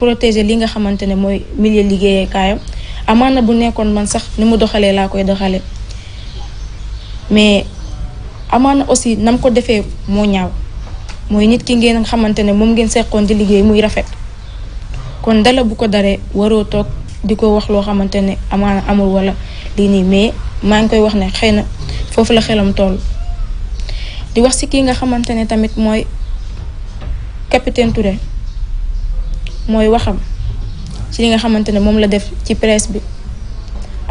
protéger li nga xamante ne mooy milieu liggéeyekaayam amaana bu nekkoon man sax ni mu doxalee laa koy doxalee mais amaana aussi nam ko defee moo ñaaw mooy nit ki ngeen xamante ne moom ngeen seqoon di liggéey muy rafet kon dala bu ko daree waroo toog di ko wax loo xamante ne amaana amul wala lii nii mais maa ngi koy wax ne xëy na foofu la xelam toll di wax ci kii nga xamante ne tamit mooy capitaine Touré. mooy waxam ci li nga xamante ne moom la def ci presse bi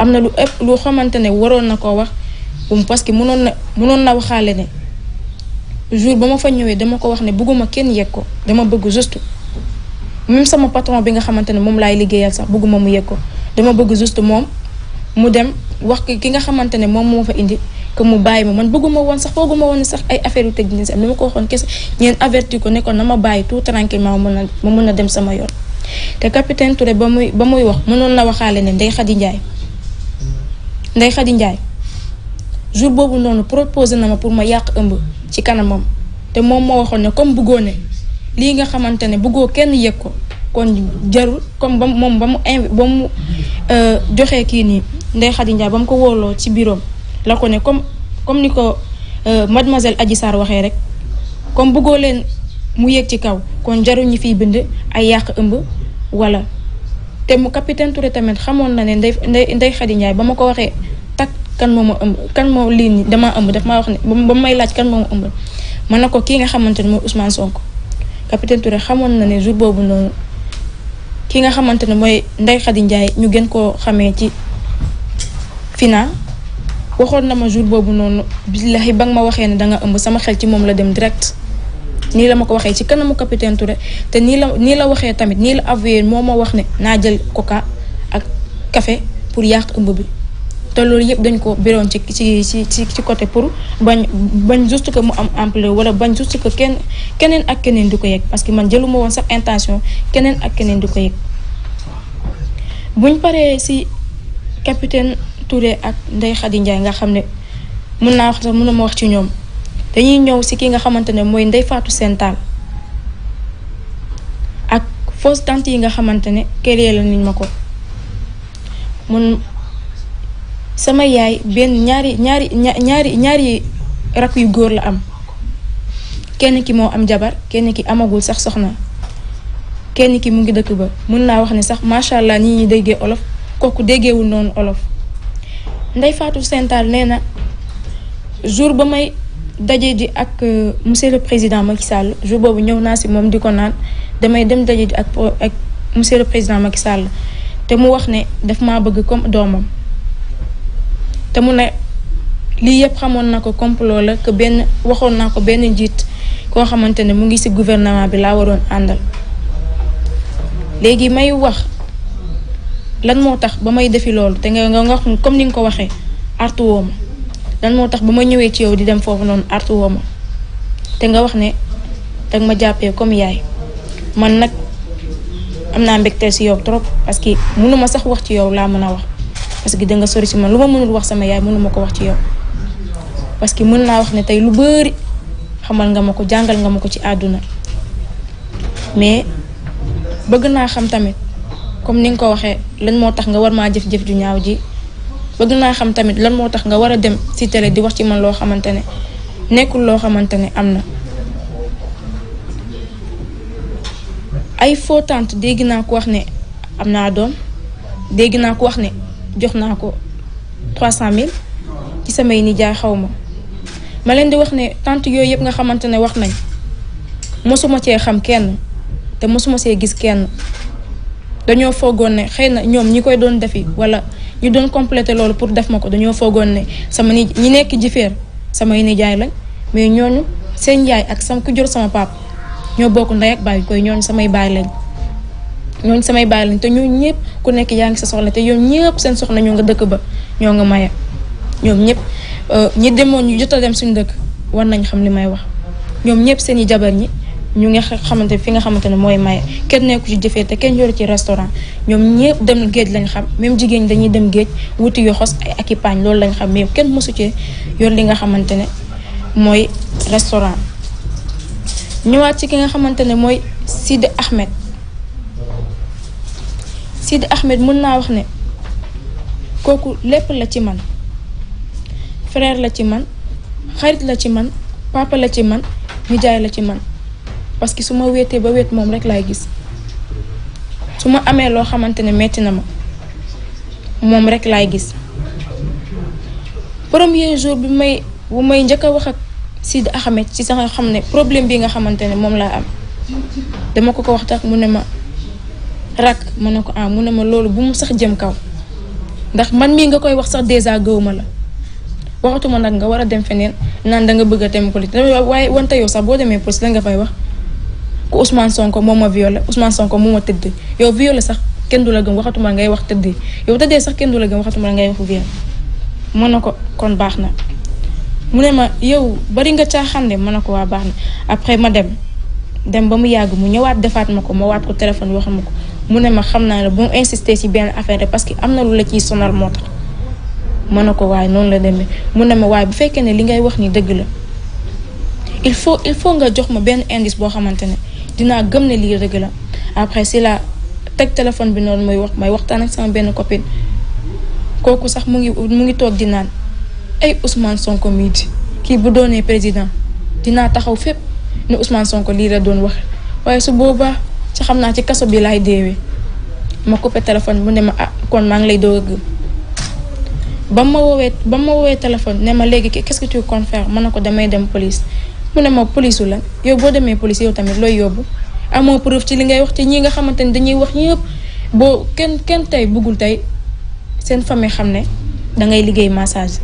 am na lu ëpp lu xamante ne waroon na ko wax bu parce que mënoon na mënoon na waxaale ne jour ba ma fa ñëwee dama ko wax ne bëgguma kenn yegg ko dama bëgg juste même sama patron bi nga xamante ne moom laay liggéeyal sax bëgguma mu yegg ko dama bëgg juste moom mu dem wax ki nga xamante ne moom moo fa indi que mu bàyyi ma man bëgguma woon sax fooguma woon sax ay affaire yu technique ma ko waxoon kese ñeen avertir ko ne ko na ma bàyyi tout tranquillement ma mën a ma mën a dem sama yoon te capitaine Touré ba muy ba muy wax mënoon na waxaale ne Ndeye Khady Ndiaye Ndeye boobu noonu proposé na ma pour ma yàq ëmb ci kanamam te moom moo waxoon ne comme bëggoo lii nga xamante ne bëggoo kenn yëg ko kon jarul comme ba moom ba mu ba mu euh, joxee kii nii Ndeye Khady ba mu ko wooloo ci biiroom la ko ne comme comme ni ko euh, mademoiselle Adji Sarr waxee rek comme bëggoo leen mu yéeg ci kaw kon jaruñu ñi bind ay yàq ëmb wala te mu capitaine Touré tamit xamoon na ne nday nday Xadi Njaay ba ma ko waxee takk kan moo ma ëmb kan moom lii nii dama ëmb daf maa wax ne ba may laaj kan moo ma ëmb mën na ko kii nga xamante ne mooy Ousmane Sonko capitaine Touré xamoon na ne jour boobu noonu ki nga xamante ne mooy nday Xadi Njaay ñu gën koo xamee ci fina waxoon na ma jour boobu noonu billahi ba nga ma waxee ne da ëmb sama xel ci moom la dem direct nii la ma ko waxee ci kanamu capitaine Touré te nii la nii la waxee tamit nii la avoué moo ma wax ne naa jël coca ak kafe pour yàq ëmb bi te loolu yëpp dañ ko biroon ci ci ci ci côté pour bañ bañ juste ko mu am emple wala bañ juste ko kenn keneen ak keneen di ko yëg parce que man jëluma woon sax intention keneen ak keneen di ko yëg buñ paree si capitaine Touré ak Ndeye Khady Ndiaye nga xam ne mun naa wax sax mun na ma wax ci ñoom dañuy ñëw si ki nga xamante ne mooy Ndeye Fatou ak fausse yi nga xamante ne créé la niñ ma ko mun sama yaay benn ñaari ñaari rak yu góor la am ki moo am jabar kenn ki amagul sax soxna kenn ki mu ngi dëkk ba mun naa wax ne sax macha allah ñi déggee olof kooku déggewul noonu olof Ndeye Fatou Sental nee na jour ba may daje ji ak euh, monsieur le président Macky sàll jour boobu ñëw naa si moom di ko naan damay dem daje ji ak ak monsieur le président Macky sàll te mu wax ne daf maa bëgg comme doomam te mu ne lii yëpp xamoon na ko complot la que benn waxoon naa ko benn njiit koo xamante ne mu ngi si gouvernement bi laa waroon àndal léegi may wax. lan moo tax ba may defi loolu te nga nga wax comme ni nga ko waxee artu woo ma lan moo tax ba ma ñëwee ci yow di dem foofu noonu artu woo ma te nga wax ne ma jàppee comme yaay man nag am naa mbégte si yow trop parce que mënuma sax wax ci yow laa mën a wax parce que da nga sori si man lu ma mënul wax sama yaay mënuma ko wax ci yow parce que mën naa wax ne tey lu bëri xamal nga ma ko jàngal nga ma ci àdduna mais bëgg naa xam tamit comme ni nga ko waxee lan moo tax nga war maa jëf-jëf ju ñaaw ji bëgg naa xam tamit lan moo tax nga war a dem si télé di wax ci man loo xamante ne nekkul loo xamante ne am na. ay faux tante dégg naa ko wax ne am naa doom dégg naa ko wax ne jox naa ko 300000 ci samay nijaay xaw ma ma leen di wax ne tànt yooyu yëpp nga xamante ne wax nañ mosuma cee xam kenn te mosuma see gis kenn. dañoo foogoon ne xëy na ñoom ñi koy doon defi wala ñu doon complété loolu pour def ma ko dañoo foogoon ne sama ni ñi nekk jifeer samay nijaay lañ mais ñooñu seen yaay ak sama ku jur sama pap ñoo bokk ndey ak baay koy ñooñu samay baay lañ ñooñu samay baay lañ te ñooñu ñëpp ku nekk yaa ngi sa soxla te ñoom ñëpp seen soxla ñoo nga dëkk ba ñoo nga maye ñoom ñëpp euh, ñi demoon ñu jot dem suñu dëkk war nañ xam li may wax ñoom ñëpp seen i jabar ñi ñu nga xamante fi nga xamante ne mooy maye kenn nekku ci jëfee te kenn yoru ci restaurant ñoom ñëpp dem géej lañ xam même jigéen ñi dañuy dem géej wuti yoxos ay ak i paañ loolu lañ xam mais kenn mosu ci yor li nga xamante ne mooy restaurant ñëwaat ci ki nga xamante ne mooy Sidi Ahmed Sidi Ahmed mën naa wax ne kooku lépp la ci man frère la ci man xarit la ci man papa la ci man nijaay la ci man parce que su ma wéetee ba wet moom rek laay gis su ma amee loo xamante ne metti na ma moom rek laay gis premier jour bi may bu may njëkk a wax ak Sidi Axamed ci sax nga xam ne problème bi nga xamante ne moom laa am dama ko ko wax tax mu ne ma rak mu ne ko ah mu ne ma loolu bu mu sax jëm kaw ndax man mii nga koy wax sax dèjà gëwuma la waxatuma nag nga war a dem feneen naan da nga bëgg a dem police waaye wante yoo sax boo demee police la nga fay wax ku Ousmane Sonko moo ma violé Ousmane Sonko moo ma tëdd yow violé sax kenn du la gëm waxatuma ngay wax tëdd yow tëddee sax kenn du la gëm waxatuma ngay wax violé mën na ko kon baax na mu ne ma yow bari nga caaxaan de mën na ko waa baax na après ma dem dem ba mu yàgg mu ñëwaat defaat ma ko ma waat téléphone wax ko mu ne ma xam naa ne bu mu insister ci benn affaire parce que am na lu la ciy sonal moo tax mën na ko waaye noonu la deme mu ne ma waaye bu fekkee ne li ngay wax ni dëgg la il faut il faut nga jox ma benn indice boo xamante ne dinaa gëm ne lii dëgg la après si la teg téléphone bi noonu may wax may waxtaan ak sama benn copine kooku sax mu ngi mu ngi toog di naan ay Ousmane Sonko mii di kii bu doonee président dinaa taxaw fépp ne Ousmane Sonko lii la doon wax waaye su boobaa ci xam naa ci kaso bi laay deewee ma coupé téléphone mu ne ma ah kon maa ngi lay doog a gëm ba ma woowee ba ma woowee téléphone ne ma léegi qu'est-ce mën na ko damay dem police mu ne moom police la yow boo demee police yow tamit looy yóbbu amoo preuve ci li ngay wax ci ñi nga xamante ni dañuy wax ñëpp boo kenn kenn tey bëggul tey seen famille xam ne da ngay liggéey massage.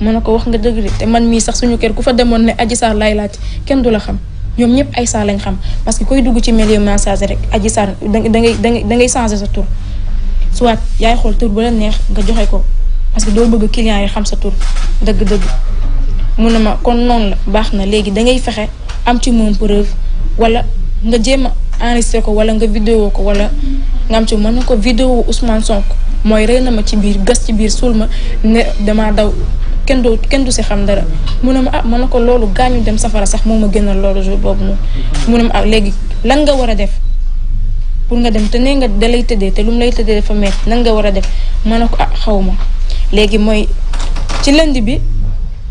mën na ko wax nga dëgg de te man mii sax suñu kër ku fa demoon ne Adji Sarr laay laaj kenn du la xam ñoom ñëpp ay Sarr lañ xam parce que koy dugg ci milieu massage rek Adji Sarr da ngay da ngay da ngay changer sa tur. soit yaay xool tur bu la neex nga joxe ko parce que doo bëgg client yi xam sa tur dëgg-dëgg. mun na ma kon noonu la baax na léegi da ngay fexe am ci moom preuve wala nga jéem a enregistré ko wala nga vidéo ko wala nga am ci mën na ko vidéo Ousmane Sonko mooy rey na ma ci biir gas ci biir suul ma ne damaa daw kenn doo kenn du si xam dara mu ne ma ah mën na ko loolu gaañu dem safara sax moo ma gënal loolu jour boobu noonu. mu ne ma ah léegi lan nga war a def pour nga dem te nee nga da lay tëddee te lu mu lay tëddee dafa mee nan nga war a def mën ne ko ah xaw ma léegi mooy lënd bi.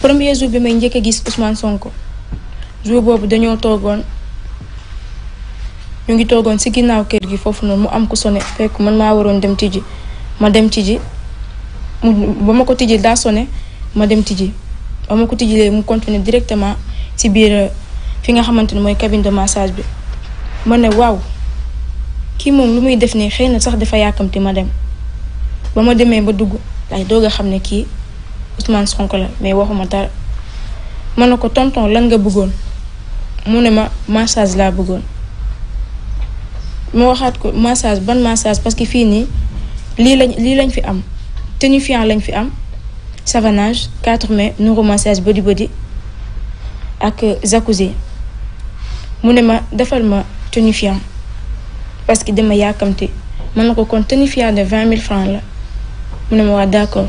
premier jour bi may njëkk a gis Ousmane Sonko jour boobu dañoo toogoon ñu ngi toogoon si ginnaaw kër gi foofu noonu mu am ku sone fekk man maa waroon dem tijji ma dem tijji mu ba ma ko tijji daa sone ma dem tijji ba ma ko tijjilee mu continuer directement si biir euh, fi nga xamante ne mooy cabine de massage bi ma ne waaw kii moom lu muy def nii xëy na sax dafa yàkkamti ma dem ba ma demee ba dugg lay doog a xam ne kii. Ousmane Sonko la mais waxuma dara manako tonton lan nga bëggoon munema massage la bëggoon mo waxat ko massage ban massage parce que fii nii lii lañ lii lañ fi am tonifiant lañ fi am savonnage 4 mai neuromassage body body ak jacuzzi munema defal ma tonifiant parce que dama yàkkamti mën na kon tonifiant de 20000 francs la munema wa d'accord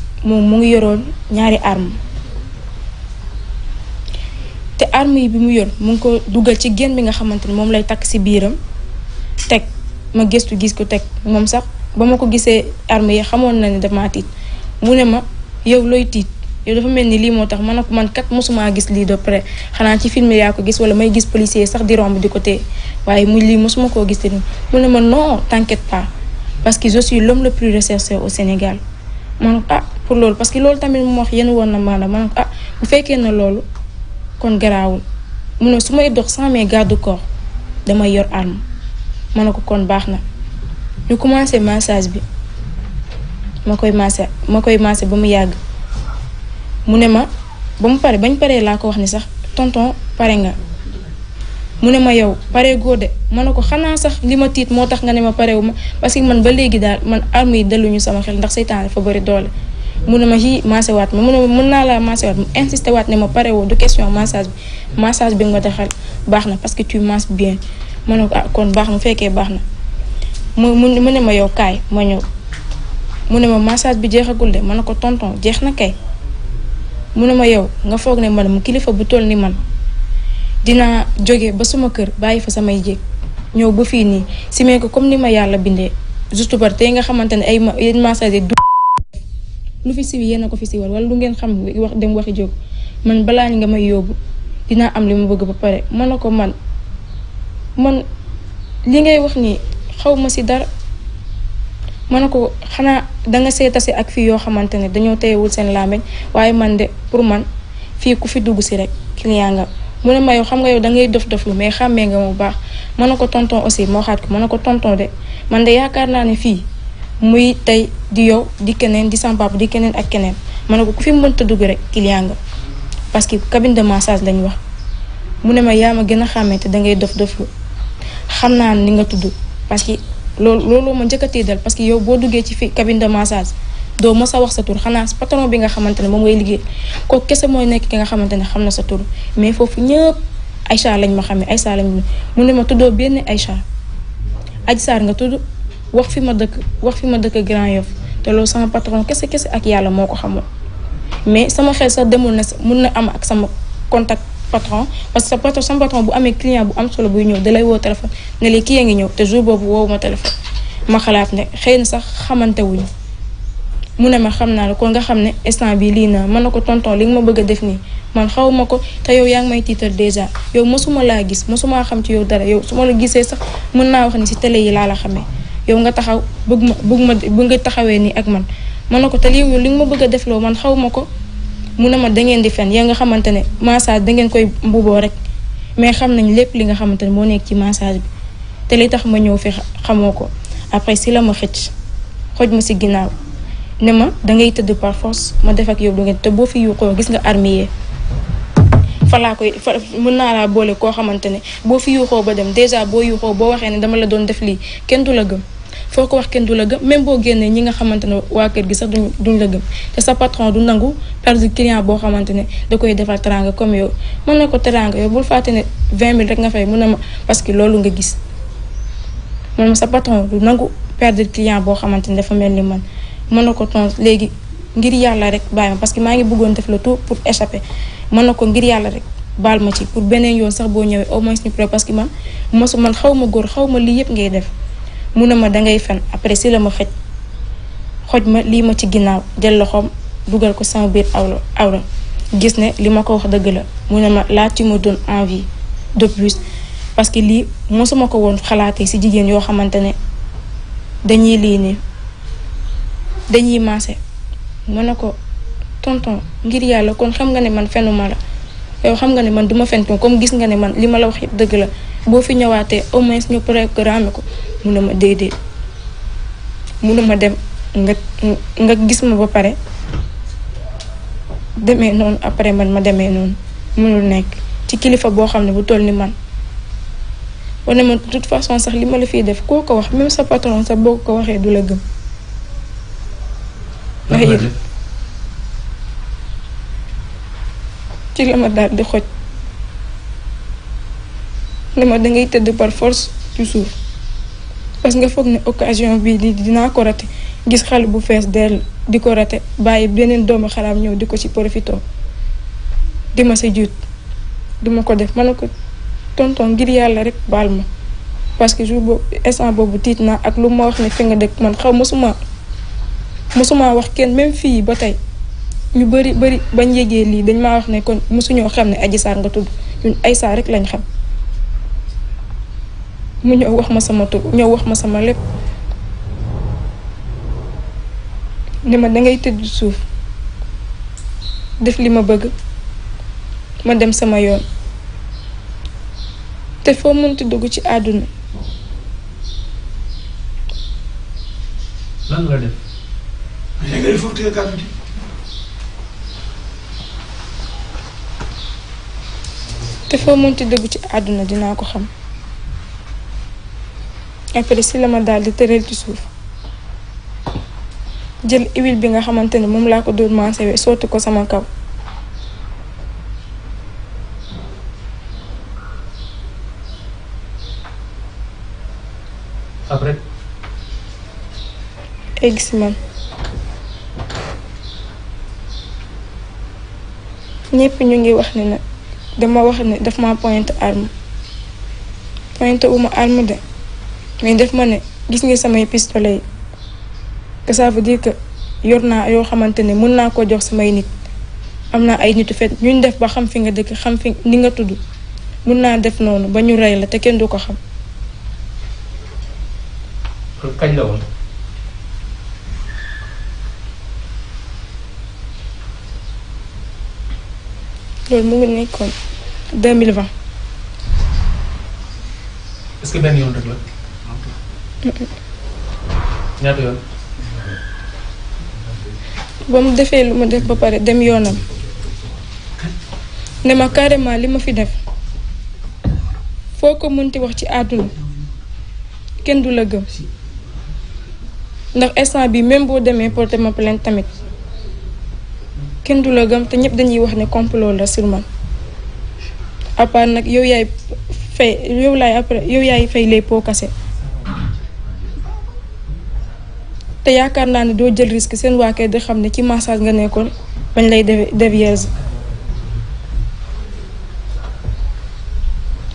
moom mu ngi yoroon ñaari arme te arme yi bi mu yor mu ngi ko dugal ci génn bi nga xamante ni moom lay takk ci biiram teg ma gëstu gis ko teg moom sax ba ma ko gisee arme yi xamoon na ne dama tiit mu ne ma yow looy tiit yow dafa mel ni lii moo tax man ak man kat mosumaa gis lii de près xanaa ci film yaa ko gis wala may gis policier sax di romb di ko téye waaye mu lii mosuma koo gis te mu ne ma non t'inquiète pas parce que je suis l'homme le plus recherché au Sénégal ma ne ah pour loolu parce que loolu tamit mu wax yéen woon na maanaam man a ko ah bu fekkee na loolu kon garaawul mu ne su may dox sans mes garde corps damay yor arme ma ne ko kon baax na ñu commencé massage bi ma koy massé ma koy massé ba mu yàgg mu ne ma ba mu pare bañ paree laa ko wax ni sax tonton pare nga. mu ne ma yow pare goo de ma ne ko xanaa sax li ma tiit moo tax nga ne ma parewu ma parce que man ba léegi daal man arme yi delluñu sama xel ndax seytaan dafa bëri doole mu ne ma xii maasewaat ma mu ne ma mën naa laa maasewaat mu insisté waat ne ma pare woo du massage bi nga defal baax na parce que tu masses bien ma ne ko ah kon baax na fekkee baax na mu mu ne ma yow kaay ma ñëw ne ma massage bi jeexagul de man ne ko tonton jeex na kay mu ne ma yow nga foog ne man mu kilifa bu toll ni man dinaa jóge ba suma kër bàyyi fa samay jéeg ñëw ba fii nii simee ko comme ni ma yàlla bindee juste par tey nga xamante ne ay ma yéen massage du fi siwi yéen a ko fi siwal wala lu ngeen xam wax dem waxi jóg man balaa ñu nga may yóbbu dinaa am li ma bëgg ba pare mën na ko man man li ngay wax ni xaw ma si dara mën na ko xanaa danga seeta si ak fii yoo xamante ne dañoo teyewul seen làmmiñ waaye man de pour man fii ku fi dugg si rek client mu ne ma xam nga yow da ngay dof dof mais xàmmee nga mu baax mën na ko tonton aussi moo xaat mën na ko tonton de man de yaakaar naa ne fii muy tey di yow di keneen di sama papa di keneen ak keneen mën na ko ku fi mënta dugg rek client nga parce que cabine de massage lañ wax mu ne ma yaa ma gën a xàmmee te da ngay dof dof lu xam naa ni nga tudd parce que loolu loolu ma njëkk a tiital parce que boo duggee ci fi cabine de massage do ma sa wax sa tour xana patron bi nga xamantene mom ngay liggé ko kessé moy nek ki nga xamantene xamna sa tour mais fofu ñëpp Aïcha lañ ma xamé Aïcha lañ mu ne ma tuddo ben Aïcha Adji Sarr nga tudd wax fi ma dëkk wax fi ma dëkk Grand yof te lo sama patron kessé kessé ak yàlla moko xamo mais sama xel sa demul na mu na am ak sama contact patron parce que patron sama patron bu amé client bu am solo bu ñëw dalay wo téléphone ne li ki nga ñëw te jour bobu wo ma téléphone ma xalaat ne xëy na sax xamante wuñu mu ne ma xam naa la ko nga xam ne instant bi lii naa mën na ko tonton li nga ma bëgg a def nii man xaw ma ko te yow yaa ngi may tiital déjà yow mosuma laa gis mosuma xam ci yow dara yow su ma la gisee sax mën naa wax ni si télé yi laa la xamee yow nga taxaw bëgg ma bëgg ma bëgg taxawee nii ak man mën na ko te li li nga ma bëgg a def man xaw ma ko mu ne ma dangeen di fen yaa nga xamante ne massage dangeen koy mbuboo rek mais xam nañ lépp li nga xamante ne moo nekk ci massage bi te li tax ma ñëw fi xamoo ko après si la ma xëcc xoj ma si ginnaaw ne ma da ngay tëdd par force ma def ak yow du ngeen te boo fi yuuxoo gis nga armée fa koy fa mën naa laa boole koo xamante ne boo fi yuuxoo ba dem dèjà boo yuuxoo boo waxee ne dama la doon def lii kenn du la gëm foo ko wax kenn du la gëm même génnee ñi nga xamante ne waa kër gi sax duñ la gëm te sa patron du nangu perdre client boo xamante ne da koy defal teranga comme yow mën ko teranga bul fàtte ne 20 000 rek nga fay mën a ma parce que loolu nga gis man sa patron du nangu perdre client boo xamante ne dafa mel ni man mën na ko tons léegi ngir yàlla rek bàyyi ma parce que maa ngi bëggoon def le tout pour échapper mën na ko ngir yàlla rek baal ma ci pour beneen yoon sax boo ñëwee au moins ñu pré parce que man mosu man xaw ma góor xaw ma lii yëpp ngay def mu ne ma dangay fen après si la ma xoj ma lii ma ci ginnaaw jël loxoom dugal ko sama biir awra awra gis ne li ma ko wax dëgg la mu ne ma laa tu me donnes envie de parce que lii mosuma ko woon xalaatee si jigéen yoo xamante ne dañuy lii nii dañuy maase mën na ko tonton ngir yàlla kon xam nga ne man fenuma la yow xam nga ne man duma fen comme gis nga ne man li ma la wax yëpp dëgg la boo fi ñëwaatee au moins ñu programme ko mu ne ma déedéet mu ne ma dem nga nga gis ma ba pare demee noonu après man ma demee noonu mënul nekk ci kilifa boo xam ne bu toll ni man wane man de toute façon sax li ma la fiy def koo ko wax même sa patron sax boo ko waxee du la gëm ndax ci la ma daal di xoj ne dangay tëdd par force ci suuf parce que nga foog ne occasion bii di dinaa ko rate gis xale bu fees dell di ko rate bàyyi beneen doomu xalaam ñëw di ko ci profito di ma sa jiit du ma ko def ma ne ko tonton ngir yàlla rek baal ma parce que jour boobu instant boobu tiit naa ak lu ma wax ne fi dëkk man xaw ma suma mosuma wax kenn même fii ba tey ñu bëri bëri ba yégee lii dañ ma wax ne kon mosuñoo xam ne Adji Sarr nga tudd ñun ay Sarr lañ xam mu ñëw wax ma sama tur ñëw wax ma sama lépp ne ma dangay tëdd suuf def li ma bëgg ma dem sama yoon te foo mënti dugg ci àdduna léegi il te foo mënti dëgg ci àdduna dinaa ko xam après si la ma daal di tëral ci suuf jël huile bi nga xamante ne moom laa ko doon maasewee sotti ko sama kaw après egg si man ñëpp ñu ngi wax ne nag dama wax ne daf ma pointe arme pointe uma arme de mais def ma ne gis nga samay pistolet yi que veut dire que yor naa yoo xamante ne mën naa ko jox samay nit am na ay nitu fet ñu def ba xam fi nga dëkk xam fi ni nga tudd mun naa def noonu ba ñu rey la te kenn du ko xam. kañ loolu mu ngi nekkoon 2020. est-ce que ba mu defee lu ma def ba pare dem yoonam ne ma carrément li ma fi def foo ko mënti wax ci àdduna kenn du la gëm ndax instant bi même boo demee porter ma plainte tamit. kenn te ñëpp dañuy wax ne complot la sur man nag yow yaay fay yow laay après yow yaay fay les pots te yaakaar naa ne doo jël risque seen waa di xam ne ci massage nga nekkoon bañ lay dévierge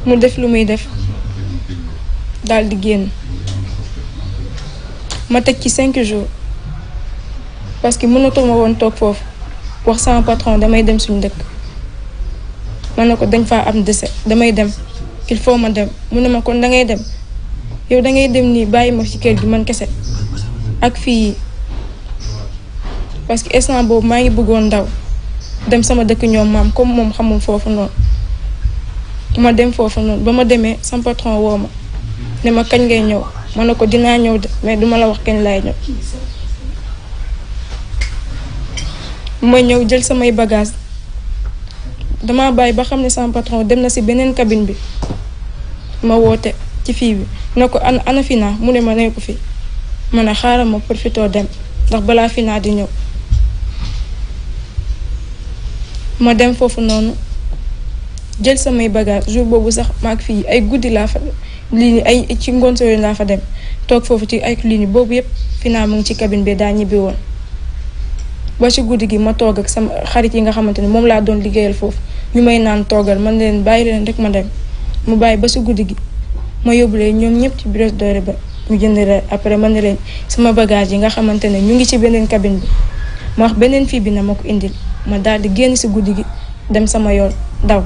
mu def lu muy def daldi di génn ma teg ci cinq jours parce que mënatuma woon toog foofu wax sama patron damay dem suñ dëkk ma ne ko dañ fa am dese damay dem il faut ma dem mu ne ma kon dangay dem yow dangay dem nii bàyyi ma ci kër gi man kese ak fii parce que instant boobu maa ngi bëggoon ndaw dem sama dëkk ñoom maam comme moom xamul foofu noonu ma dem foofu noonu ba ma demee sama patron woo ma ne ma kañ ngay ñëw ma ne ko dinaa ñëw de mais duma la wax kañ laay ñëw ma ñëw jël samay bagage damaa bàyyi ba xam ne sama patron dem na si beneen cabine bi ma woote ci fii bi ne ko ana ana Fina mu ne ma nekku fi ma ne xaaral ma profitoo dem ndax balaa Fina di ñëw ma dem foofu noonu jël samay bagage jour boobu sax maak fii ay guddi laa fa lii ay ci ngoon sooy naa fa dem toog foofu ci ay clinique boobu yëpp Fina mu ngi ci cabine bi daa ñibbi woon ba ci guddi gi ma toog ak sama xarit yi nga xamante ne moom laa doon liggéeyal foofu ñu may naan toogal man leen bàyyi leen rek ma dem mu bàyyi ba ci guddi gi ma yóbbulee ñoom ñëpp ci Brioche Dorée ba ñu jënd la après man leen sama bagage yi nga xamante ne ñu ngi ci beneen cabine bi beneen fii bi na ma ko indil ma daal di génn ci guddi gi dem sama yoon daw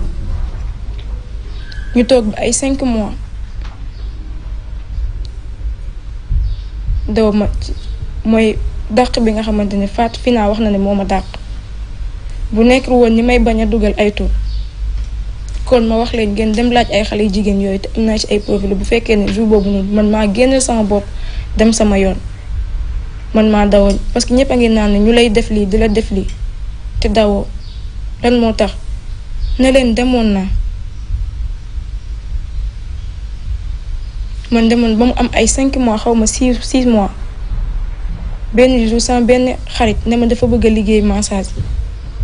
toog ba ay cinq mois ma mooy dàq bi nga xamante ne Fatou naa wax na ne moo ma dàq bu nekkul woon ni may bañ a dugal ay tur kon ma wax leen ngeen dem laaj ay xale yu jigéen yooyu te am naa ci ay profil bu fekkee ne jour boobu noonu man maa génneel sama bopp dem sama yoon man maa dawoon parce que ñëpp a ngi naan ne ñu lay def lii di la def lii te dawoo lan moo tax ne leen demoon naa man demoon ba mu am ay 5 mois xaw ma 6 6 mois. benn jour sama benn xarit ne ma dafa bëgg a liggéey massage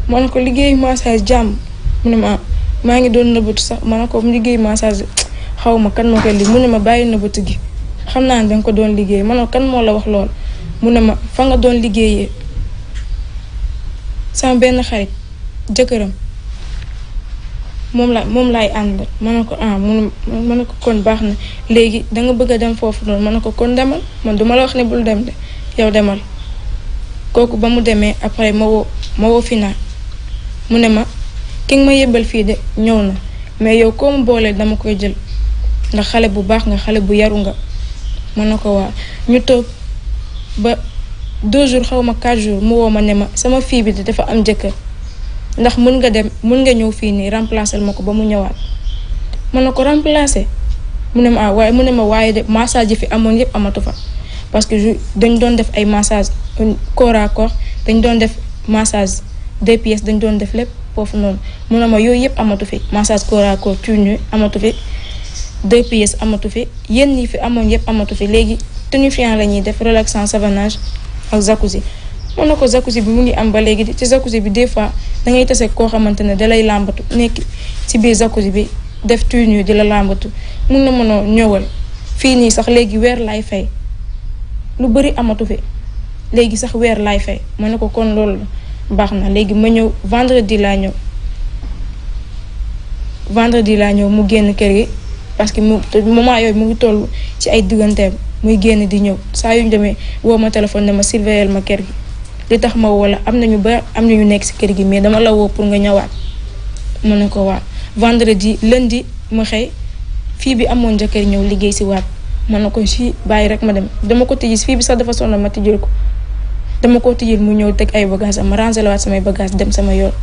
ma ne ko liggéey massage jàmm mu ne ma ah, maa ngi doon nëbbatu sax ma ne ko liggéey massage xaw ma kan moo koy mu ne ma bàyyi nëbbatu gi xam naa ne ko doon liggéey ma kan moo la wax lool mu ne ma fa nga doon liggéeyee sama benn xarit jëkkëram moom la moom laay ànd ma ne ko ah ne ko kon baax na léegi danga bëgg a dem foofu noonu ma ne ko kon demal man duma la wax ne bul dem de yow demal kooku ba mu demee après ma woo ma woo fi naa mu ne ma ki ma yebbal fii de ñëw na mais yow koo mu boolee dama koy jël ndax xale bu baax nga xale bu yaru nga mën na ko waa ñu toog ba deux jours xaw ma quatre jours mu woo ma ne ma sama fii bi dafa am jëkkër ndax mën nga dem mën nga ñëw fii nii remplacer ma ko ba mu ñëwaat mën na ko remplacer mu ne ma ah waaye mu ne ma waaye de massage fi amoon yépp amatu fa parce que je don def ay massage corps à corps dañ don def massage deux pièces dañ don def lépp fofu non mu ma amatu fi massage corps à corps tuñu amatu fi deux pièces amatu fi yenn yi fi amoon yep amatu fi léegi tonifiant la def relaxant savonnage ak jacuzzi mon ko jacuzzi bi mu ngi am ba legui ci jacuzzi bi des fois da ngay tase ko xamantene dalay lambatu ci biir jacuzzi bi def tuñu di la làmbatu mun na mënoo ñëwal fii nii sax léegi weer laay fay. lu bari amatu fi léegi sax weer laay fay ma ne ko kon loolu baax na léegi ma ñëw vendredi laa ñëw vendredi laa ñëw mu génn kër gi parce que mu moment yooyu mu ngi toll ci ay digganteem muy génn di ñëw saa yu ñu demee woo ma téléphone ne ma surveiller ma kër gi li tax ma woo la am ñu ba am na nañu nekk si kër gi mais dama la woo pour nga ñëwaat ma ne ko waat vendredi lundi ma xëy fii bi amoon jëkkër ñëw liggéey si waat mën na ko si bàyyi rek ma dem dama ko tijji fii bi sax dafa sonn ma tijjil ko dama ko tijjil mu ñëw teg ay bagage am ma rangé la waat samay bagage dem sama yoon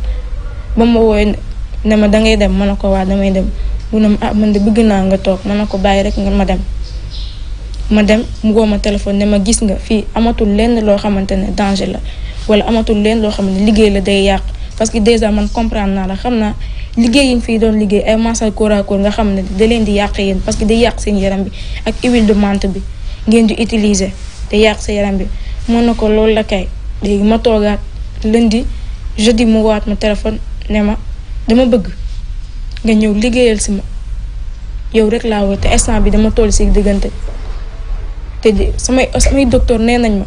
ba ma woowee ne ma dangay dem ma ne ko waa damay dem mu ne ma ah man de bëgg naa nga toog ma na ko bàyyi rek nga ma dem ma dem mu woo ma téléphone ne ma gis nga fii amatul lenn loo xamante ne danger la wala amatul lenn loo xamante ne liggéey la day yàq parce que déjà man comprendre naa la xam naa liggéey yi fii doon liggéey ay massage corps à nga xam ne da leen di yàq yéen parce que day yàq seen yaram bi ak huile de menthe bi ngeen di utiliser te yàq sa yaram bi mën na ko loolu la kay léegi ma toogaat di jeudi mu waat ma téléphone ne ma dama bëgg nga ñëw liggéeyal si ma yow rek laa woote instant bi dama toll si diggante te samay samay docteur nee nañ ma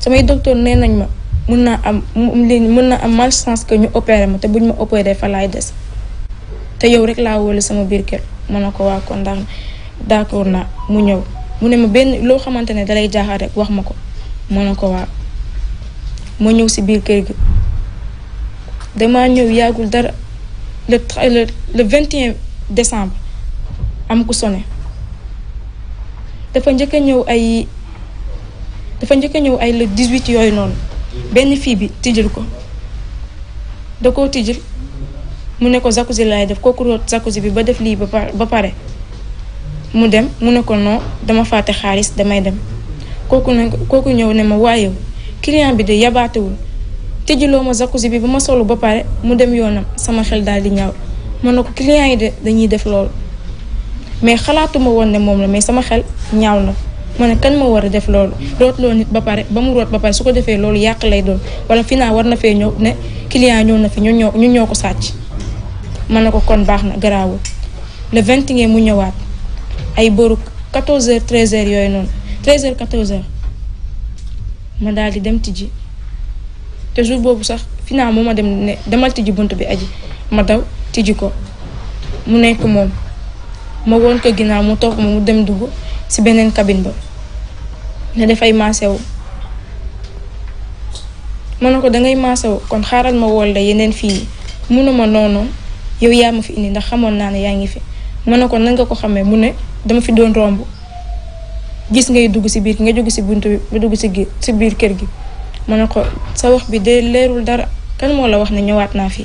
samay docteur nee nañ ma. mun naa am mun naa am malchance que ñu opéré ma te buñ ma opéré fa laay des te yow rek laa wóolu sama biir kër ma ne ko waa kon ndax d'accord na mu ñëw mu ne ma benn loo xamante ne dalay jaaxal rek wax ma ko ma ne ko waa ma ñëw si biir kër gi damaa ñëw yàggul dara le le le 21 décembre am ku sone dafa njëkk a ñëw ay dafa njëkk ñëw ay le 18 yooyu noonu. benn fii bi tijjil ko da koo tijjil mu ne ko jacuzzi laay def kooku root jacuzzi bi ba def lii ba pare mu dem mu ne ko non dama fàtte xaalis damay dem kooku ne kooku ñëw ne ma waaye client bi de yabaatewul tijjiloo ma jacuzzi bi ba ma solu ba pare mu dem yoonam sama xel daal di ñaaw mën ne ko client yi de dañuy def loolu mais xalaatuma woon ne moom la mais sama xel ñaaw na ma ne kan moo war a def loolu rootloo nit ba pare ba mu root ba pare su ko defee loolu yàq lay doon wala final war na fee ñëw ne client ñëw na fi ñu ñoo ñun ñoo ko sàcc ma ne ko kon baax na garaawul le vingt ngeen mu ñëwaat ay boru 14 heures 13 heures yooyu noonu 13 heures 14 heures daal di dem tijji te jour boobu sax final moo ma dem ne demal tijji bunt bi aji ma daw tijji ko mu nekk moom ma woon ko ginnaaw mu toog ma mu dem dugg si beneen cabine ba ne dafay maasewu ma ne ko dangay maasewu kon xaaral ma wol la yeneen fii ma noonu yow yaa ma fi indi ndax xamoon naa ne yaa ngi fi mën ne ko nan nga ko xamee mu ne dama fi doon romb gis ngay dugg si biir nga jóg si bunt bi ba dugg si si biir kër gi ma ne ko sa wax bi de leerul dara kan moo la wax ne ñëwaat naa fi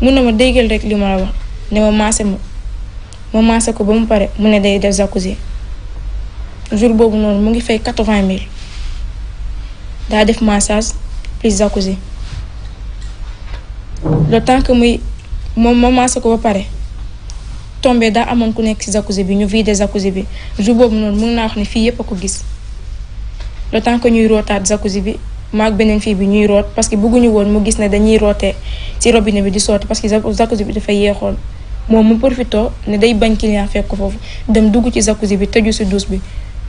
mun na ma déggal rek li ma la wax ne ma maase ma ma maase ko ba mu pare mu ne day def jacuzzi jour boobu noonu mu ngi fay quatre-vingt mille daa def massage plus jacuzzi le temps que muy moom ma massé ko ba pare tombé daa amoon ku nekk ci jacuzzi bi ñu vidé jacuzzi bi jour boobu mun naa wax ne fii yépp a ko gis le temps que ñuy rootaat jacuzzi bi maag beneen fii bi ñuy root parce que bëgguñu woon mu gis ne dañuy rootee ci robine bi di sotti parce que jacuzzi bi dafay yeexoon moom mu profitoo ne day bañ client fekk ko foofu dem dugg ci jacuzzi bi tëju ci douche bi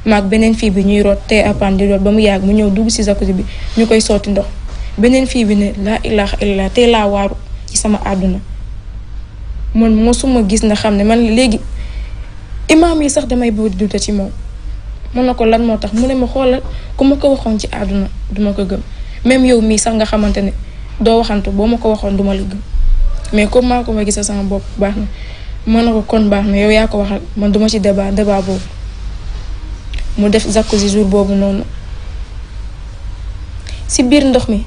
maag beneen fii bi ñuy root te apam di root ba mu yàgg mu ñëw dugg si jacuzzi bi ñu koy sotti ndox beneen fii bi ne laa ilaha illallah tey laa waaru ci sama àdduna mën mosuma gis nga xam ne man léegi imaam yi sax damay bëgg di ci moom mën na ko lan moo tax mu ne ma xoolal ku ma ko waxoon ci àdduna duma ko gëm même yow mii sax nga xamante ne doo waxantu boo ma ko waxoon duma la mais comme maa ko ma gisa sama bopp baax na mën na ko kon baax na yow yaa ko waxal man duma ci débat débat boobu mu def jacuzzi jour boobu noonu ci biir ndox mi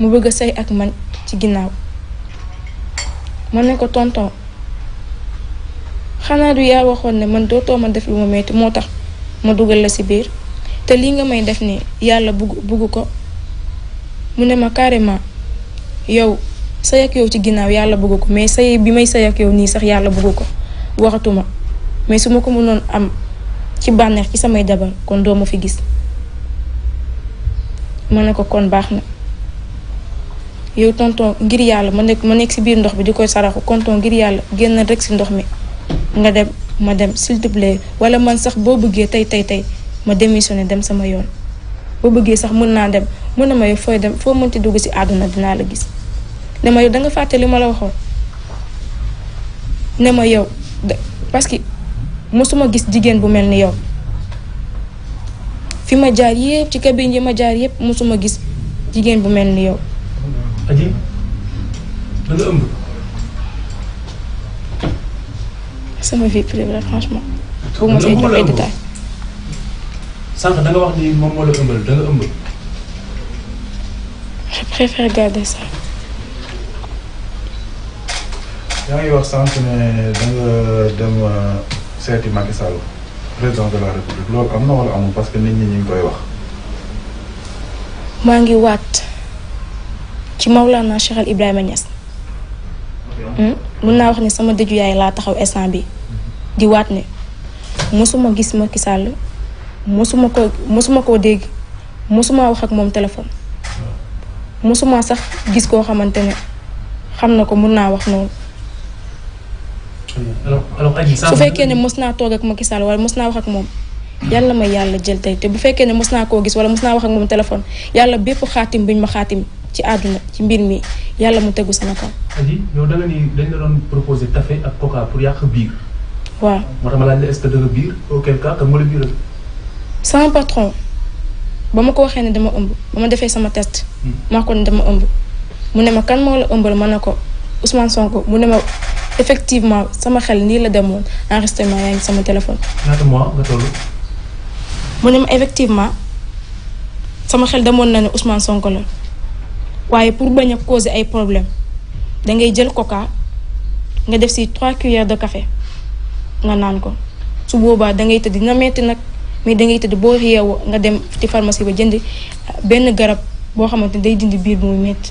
mu bëgg a sëy ak man ci ginnaaw man ne ko tonton xanaa du yaa waxoon ne man dootoo ma def lu ma metti moo tax ma dugal la ci biir te lii nga may def ni yàlla bugg bugg ko mu ne ma carrément yow sëy ak yow ci ginnaaw yàlla bugg ko mais sëy bi may sëy ak yow nii sax yàlla bugg ko waxatuma mais su ma ko mënoon am ci bànneex ci samay jabar kon doo ma fi gis ma ne ko kon baax na yow tonton ngir yàlla ma nekk ma nekk ci biir ndox bi di koy saraxu tonton ngir yàlla génn rek si ndox mi nga dem ma dem s'il te wala man sax boo bëggee tey tey tey ma démissionné dem sama yoon boo bëggee sax mën naa dem mën na ma yow fooy dem foo mënti dugg si àdduna dinaa la gis ne yow da fàtte li ma la waxoon ne ma yow parce mosuma gis jigéen bu mel ni yow fi ma jaar yëpp ci cabine yi ma jaar yépp mosuma gis jigéen bu mel ni yow. aji da ëmb. sama vie privée la franchement. bu wax ni moom moo la ëmbal da ëmb. je préfère garder ça. yaa ngi wax sànq ne da dem. Euh, seeti Macky Sall président de la république loolu am na wala amul parce que nit ñi ñu koy wax. maa ngi waat ci Maulana Cheikh Al Ibrahima Niass. Hmm? mun naa wax ne sama dëju yaay laa taxaw instant bi di waat ne mosuma gis Macky Sall mosuma ko mosuma koo dégg mosuma wax ak moom téléphone. mosuma sax gis koo xamante ne xam na ko mun naa wax noonu. su fekkee ne mos naa toog ak Macky Sall wala mos naa wax ak moom yàlla ma yàlla jël tey te bu fekkee ne mos naa ko gis wala mos naa wax ak moom téléphone yàlla bépp xaatim buñ ma xaatim ci àdduna ci mbir mi yàlla mu tegu sama kaw. Adji yow da nga ni dañ la doon proposé café waaw moo tax ma laaj la est-ce que da nga ba ma ko waxee ne dama ëmb ba ma defee sama test. Hmm. maa ko ne dama ëmb mu ne ma kan moo la ëmbal ma ne ko Ousmane Sonko mu ne ma effectivement sama xel ni la demone enregistrement yaangi sama téléphone. ñaata mois nga tolu mu ne ma effectivement sama xel demone na ne Ousmane Sonko la waye pour baña causer ay problème da ngay jël coca nga def ci 3 cuillères de café nga nan ko su boba da ngay teddi na metti nak mais da ngay teddi bo yeewoo nga dem ci pharmacie ba jënd ben garab bo xamanteni day dindi bir bu muy metti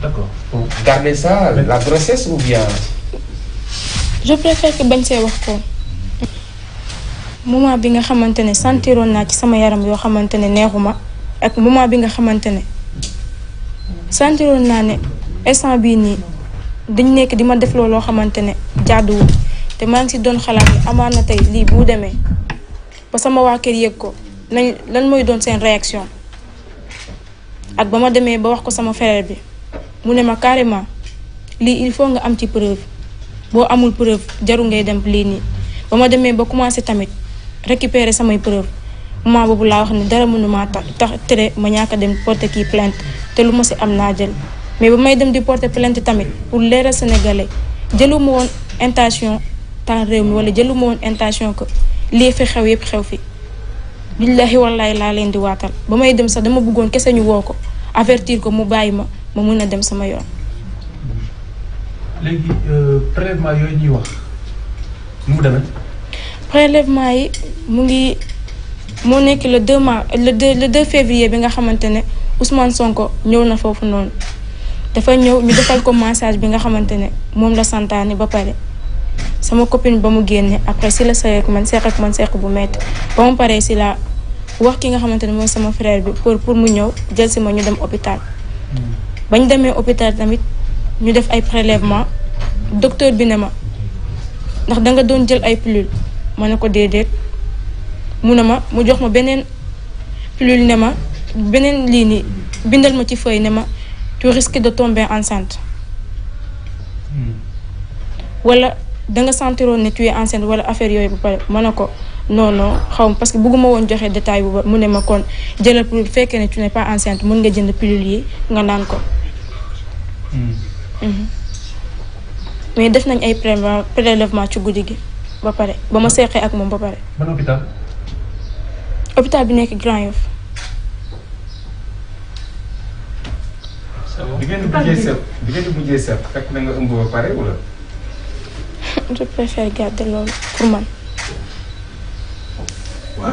D'accord. Vous gardez ça, la grossesse ou bien Je préfère que Ben see wax ko. moment bi nga xamantene ne na ci sama yaram yo xamantene neexuma ak moment bi nga xamantene ne na naa ne instant bi ni dañ nek di ma def lo xamante ne jàdduwul te maa ngi ci doon xalaat ne amaana tey lii bu démé ba sama waa kër yëg ko lan moy doon sen réaction ak bama démé ba wax ko sama frère bi. mu ne ma carrément lii il faut nga am ci preuve boo amul preuve jaru ngay dem lii nii ba ma demee ba commencé tamit récupérer samay preuve moment boobu laa wax ne dara mënumaa tax tax tere ma ñaaka dem porter kii plainte te lu ma si am naa jël mais ba may dem di porter plainte tamit pour leeral sénégale jëlu ma woon intention tan réew mi wala jëlu ma woon intention ko lii fi xew yëpp xew fi billahi wallahi laa leen di waatal ba may dem sax dama buggoon kese ñu woo ko avertir ko mu bàyyi ma ma mun a dem sama yoon. léegi euh, prélèvement yooyu ñuy wax nu mu demee. prélèvement yi mu ngi moo nekk le 2 mars le 2 le 2 février bi nga xamante ne Ousmane Sonko ñëw na foofu noonu dafa ñëw ñu defal ko massage bi nga xamante ne moom la santaane ba pare sama copine ba mu génne après si la seq ak man seq ak man seq bu mett ba mu paree si la wax ki nga xamante ne mooy sama frère bi pour pour mu ñëw jël si ma ñu dem hôpital. Hmm. bañ demee hôpital tamit ñu def ay prélèvement docteur bi ne ma ndax danga doon jël ay pilule ma ne ko déedéet mu ne ma mu jox ma beneen pilule ne ma beneen lii nii bindal ma ci feuille ne ma tu risques de tomber enceinte wala nga sentiroon ne tu es enceinte wala affaire yooyu ba pare ma ne ko non non xaw parce que bëgguma woon joxe détail bu ba mu ne ma kon jëlal pilule bu fekkee ne tu n'es pas enceinte mën nga jënd pilule yi nga naan ko. Mm-hmm. mais def nañ ay prélèvement ci guddi gi ba pare ba ma seexee ak moom ba pare. ban bi nekk Grand Yoff. bi ngeen mujjee seet bi ngeen mujjee seet fekk na nga ëmb ba pare wala. je préfère garder loolu pour man. waaw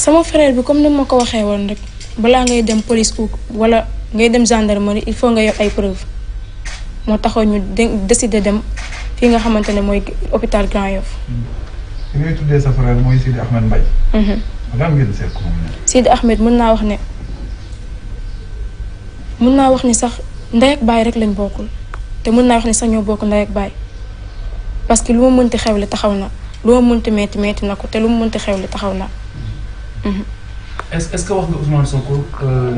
sama frère bi comme ni ma ko waxee woon rek balaa ngay dem police ou wala ngay dem gendre gendarmerie il faut nga yor ay preuve moo taxoon ñu décider dem fii nga xamante ne mooy hôpital Grand Yoff. ki ngay tuddee mën mhm. naa wax ne mën naa wax ni sax ndey ak baay rek lañ bokkul te mën naa wax ni sax ñoo bokk ndey ak baay parce que lu ma mënti xewle taxaw na lu ma mënti metti metti na ko te lu ma mënti xewle taxaw na. est ce que wax nga Ousmane Sonko euh,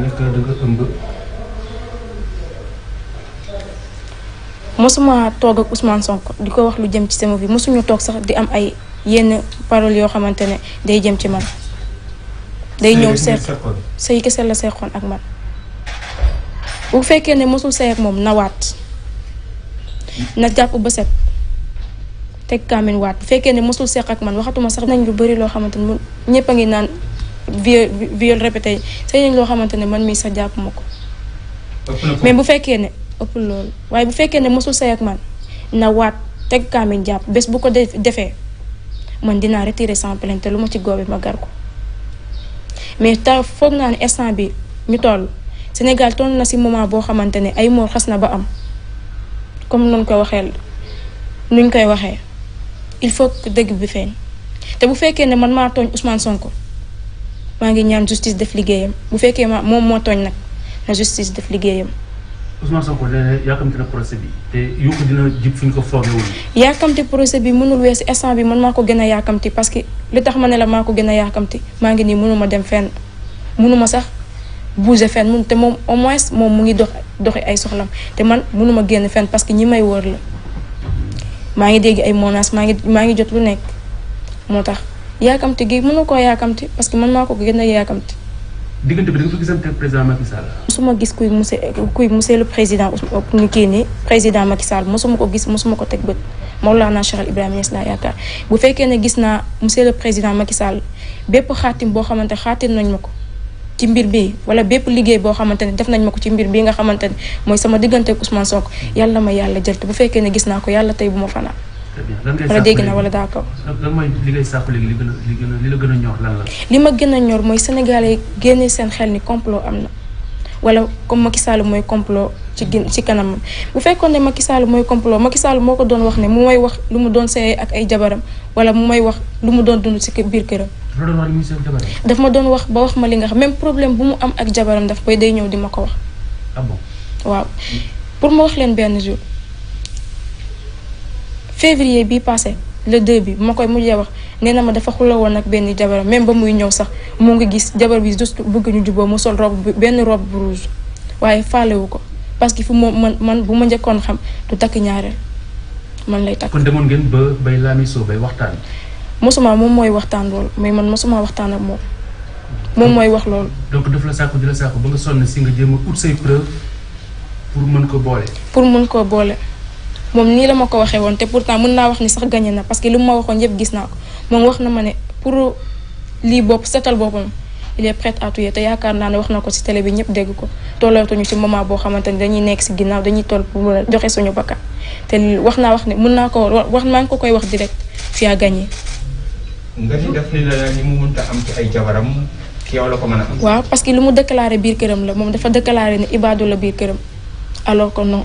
mosuma toog ak Ousmane Sonko di ko wax lu jëm ci sama vie mosuñu toog sax di am ay yenn paroles yoo xamante ne day jëm ci man. day ñëw seet say kese la seexoon ak man. bu fekkee ne mosul say moom na na jàpp ba set teg kaamin waat bu fekkee ne mosul seex ak man waxatuma sax nañ lu bari loo xamante ne ñëpp a ngi naan. viol viol répété sëy nañ loo xamante ne man mii sa jàpp ma ko. mais bu fekkee ne ëpp loolu waaye bu fekkee ne mosul sëy ak man na waat teg kaamin jàpp bés bu ko defee man dinaa retirer sans plainte te lu ma ci góobee ma gar ko mais ta foog naa ne instant bi ñu toll Sénégal ton na si moment boo xamante ne ay moor xas na ba am comme noonu koy waxee nuñ koy waxee il faut que dëgg bi feeñ te bu fekkee ne man maa tooñ Ousmane Sonko. maa ngi ñaan justice def liggéeyam bu fekkee ma moom moo tooñ nag na justice def liggéeyam. Ousmane Sonko yàkkamti procès bi te yokku ko formé woon. yàkkamti procès bi mënul weesu instant bi man maa ko gën a yàkkamti parce que li tax ma ne la maa ko gën a yàkkamti maa ngi nii mënuma dem fenn mënuma sax bouger fenn mun te moom au moins moom mu ngi dox doxi ay soxlam te man mënuma génn fenn parce que ñi may wër la maa ngi dégg ay menaces maa ngi maa ngi jot lu nekk moo tax. yaakamti gi mënu koo yaakamti parce que man maa ko gën a yaakamti. diggante bi da nga gisante président Macky Sall. mosuma gis kuy monsieur kuy monsieur le président euh, ni kii nii président Macky Sall mosuma ko gis mosuma ko teg bët Mawlana Cheikh Ibrahima Niass laa yaakaar bu fekkee ne gis naa monsieur le président Macky Sall bépp xaatim boo xamante xaatim nañ ma ko. ci mbir bi wala bépp liggéey boo xamante ne def nañ ma ko ci mbir bi nga xamante ne mooy sama diggante ak Ousmane Sonko yàlla ma yàlla jël te bu fekkee ne gis naa ko yàlla tey bu ma fanaan wala dégg na wala li ma gën a ñor mooy sénégalais génne seen xel ni complot am na wala comme Macky Sall mooy complot ci gin ci kanamam bu fekkoon ne Macky Sall mooy complot Macky Sall moo ko doon wax ne mu may wax lu mu doon seey ak ay jabaram wala mu may wax lu mu doon dund ci biir këram. daf ma doon wax ba wax ma li nga xam même problème bu mu am ak jabaram daf koy day ñëw di ma ko wax. Ah waaw pour ma wax leen benn jour. février bi passé le 2 bi ma koy mujjee wax nee na ma dafa xula woon ak benn jabaram même ba muy ñëw sax mu ngi gis jabar bi juste bëgg ñu juboo mu sol robe bi benn robe bu rouge waaye faalewu ko parce que fu moom man man bu ma njëkkoon xam du takk ñaareel man lay takk. kon demoon ngeen ba bay laamisoo bay moom mooy waxtaan loolu mais man mosuma waxtaan ak moom moom mooy wax loolu. donc daf la sàkku di la sàkku ba nga sonn si nga jéem a say preuve pour mën ko boole. pour mën ko boole. moom nii la ma ko waxee woon te pourtant mën naa wax ni sax gagné na parce que li mu ma waxoon yëpp gis naa ko moom wax na ma ne pour lii bopp setal boppam il est prêt à te yaakaar naa ne wax na ko ci télé bi ñëpp dégg ko tollootuñu ci moment boo xamante ni dañuy nekk ci ginnaaw dañuy toll pour joxe suñu bakkan te wax naa wax ne mën naa ko wax maa ngi ko koy wax direct fi a gagné. nga ci def ni la ni que lu mu déclaré biir këram la moom dafa déclaré ne ibaadu la biir këram alors que non.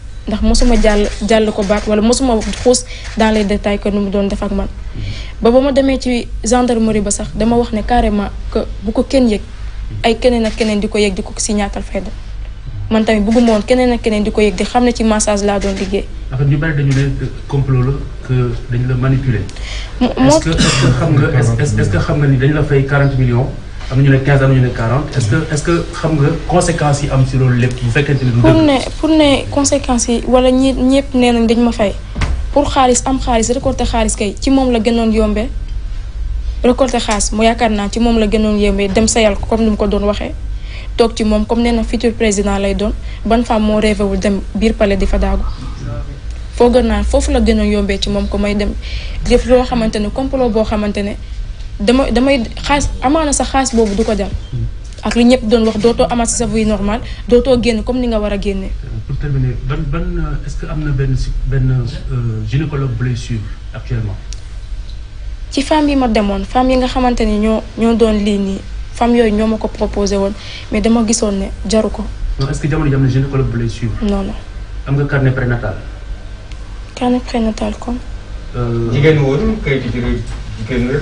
ndax mosuma jàll jàll ko baat wala mosuma xuus dans les détails que nous mu doon def man ba ma ci gendarmerie ba sax dama ne carrément que bu ko kenn yëg ay keneen ak keneen man tamit ak di ne ci massage ñu dañu ne que la est-ce que xam nga est-ce que ni 40 millions. am na ñu ne xam nga conséquences yi am ci loolu lépp bu fekkente ni. pour ne pour ne conséquences yi wala ñi ñëpp nee nañ dañ ma fay pour xaalis am xaalis récolter xaalis kay ci moom la gënoon yombee récolter xaalis mu yaakaar naa ci moom la gënoon yombee dem sayal ko comme ni mu ko doon waxee. toog ci moom comme nee na futur président lay doon ban femme moo rêvé dem biir palais di fa daagu foog naa foofu la gënoon yombee ci moom ko may dem def loo xamante ne complot boo xamante ne. dama damay xaalis amaana sa xaalis boobu du ko dem. Hmm. ak li ñëpp doon wax dootoo amaat sa vie normale dootoo génn comme ni nga war a génne. Euh, ban ban euh, est-ce que am na benn benn euh, gynécologue blessure actuellement. ci femme yi ma demoon femme yi nga xamante ni ñoo ñoo doon lii nii femme yooyu ñoo ma ko proposé woon mais dama gisoon ne jaru ko. non est-ce que jamono ji am na gynécologue am nga carnet prénatal. carnet prénatal comme. jigéen wóor kayit jigéen wóor.